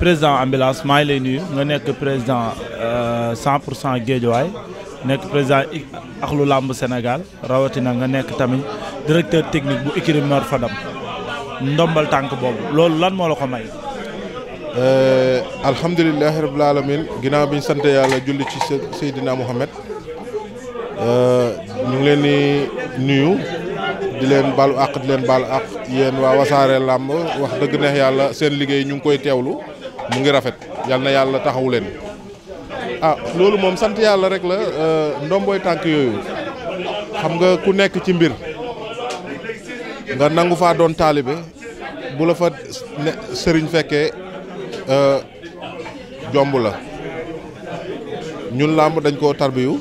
président ambulance maa ngi lay nuyu nga nekk président 100 euh, cent Guédiawaye nekk président axlu làmb Sénégal rawatina nga nekk tamit directeur technique bu écurie Nord Fadam ndombal tànk boobu loolu lan moo la ko may. Euh, alhamdulilahi rabil alamin ginnaaw bi ñu sant yàlla julli ci Seydina Mohamed euh, ñu ngi leen di nuyu di leen baalu àq di leen baalu ak yéen waa wasaare làmb wax dëgg neex yàlla seen liggéey ñu ngi koy teewlu. mu ngi rafet yal na yàlla taxawu leen ah loolu moom sant yàlla rek la euh, ndomboy tànk yooyu xam nga ku nekk ci mbir nga nangu faa doon taalibe bu la fa sëriñ fekkee euh, jomb la ñun làmb dañ ko tarbiyu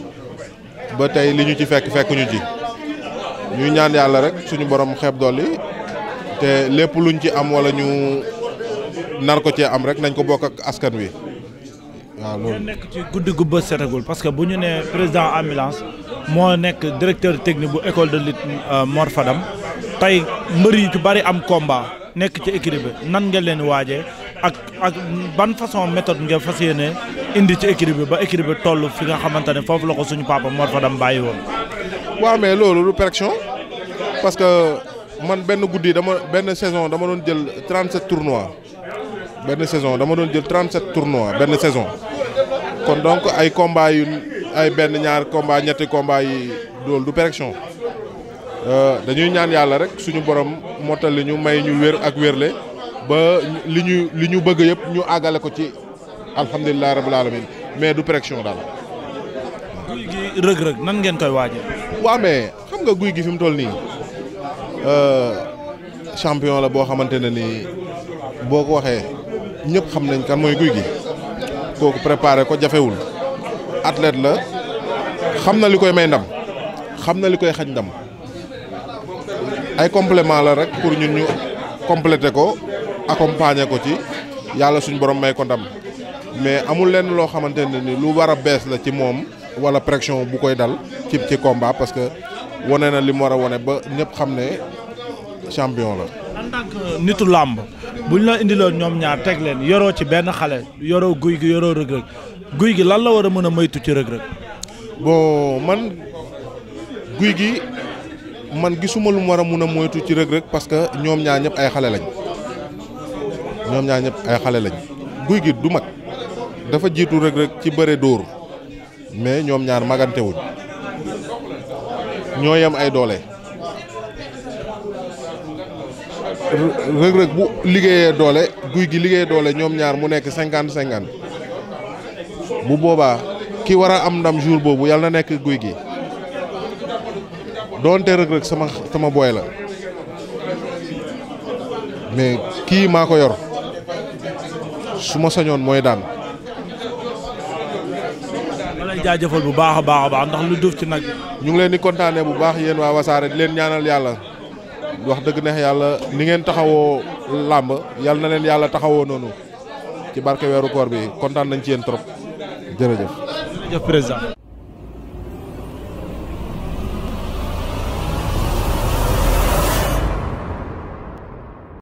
ba tey li ñu ci fekk fekkuñu ci ñuy ñaan yàlla rek suñu borom xeeb dolli te lépp luñ ci am wala ñu. nar ko cee am rek nañ ko bokk ak askan wi waaw loolu. nekk ci guddi gu bës setagul parce que bu ñu nee président ambulance moo nekk directeur technique bu école de lutte euh, Mor Fadam tey mbër yi ci bari am combat nekk ci écurie bi nan nga leen waajee ak ak ban façon méthode nga fas yéene indi ci écurie bi ba écurie bi toll fi nga xamante ne foofu la ko suñu papa Mor bàyyi woon. waaw mais loolu du perfection parce que man benn guddi dama benn saison dama doon jël 37 tournois. benn saison dama doon jël 37 tournois benn saison kon donc ay combat yu ay benn ñaar combat ñetti combat yi dool du perfection euh, dañuy ñaan yàlla rek suñu borom mottali ñu may ñu wér ak wérle ba li ñu li ñu bëgg yëpp ñu àggale ko ci alhamdulilah rabbil alamin mais du perfection daal. guy nan ngeen koy waajal. mais xam nga guy gi fi mu toll nii euh, champion la boo xamante ne nii boo ko waxee ñëpp xam nañ kan mooy guy gi kooku préparé ko jafewul athlète la xam na li koy may ndam xam na li koy xañ ndam ay complément la rek pour ñun ñu complété ko accompagner ko ci yàlla suñu borom may ko ndam mais amul lenn loo xamante ne ni lu war a bees la ci moom wala pression bu koy dal ci ci combat parce que wane na li mu war a wane ba ñëpp xam ne champion la. nitu làmb bu ñu la indiloon ñoom ñaar teg leen yoroo ci benn xale yoroo guy gi yoroo rëg-rëg guy gi lan la war a mën a moytu ci rëg-rëg boo man guy gi man gisuma lu war a mun a moytu ci rëg-rëg parce que ñoom ñaar ñëpp ay xale lañ ñoom ñaar ñëpp ay xale lañ guy gi du mag dafa jiitu rëg-rëg ci bëre dóor mais ñoom ñaar magantewuñ ñoo yem ay doole rëg-rëg bu liggéeyee doole guy gi liggéeyee doole ñoom ñaar mu nekk cinquante cinquante bu boobaa ki war a am ndam jour boobu yàlla na nekk guy gi doonte rëg-rëg sama sama booy la mais kii maa ko yor su ma sañoon mooy daan. ma lay jaajëfal baax a baax a baax ndax lu ci nag. ñu ngi leen di kontaanee bu baax yéen waa wasaare di leen ñaanal yàlla. wax dëgg neex yàlla ni ngeen taxawoo làmb yàlla na leen yàlla taxawoo noonu ci barke weeru koor bi kontaan nañ ci yéen trop jërëjëf.